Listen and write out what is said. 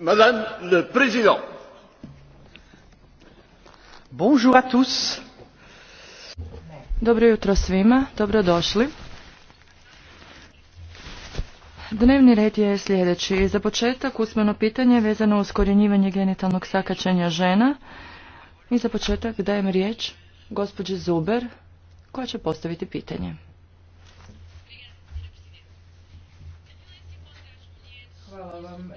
Madame le Président. Bonjour à tous. Dobro jutro svima, dobrodošli. Dnevni red je sljedeći. Za početak usmeno pitanje vezano uz korjenjivanje genitalnog sakačenja žena. I za početak dajem riječ gospođi Zuber koja će postaviti pitanje. Hvala vam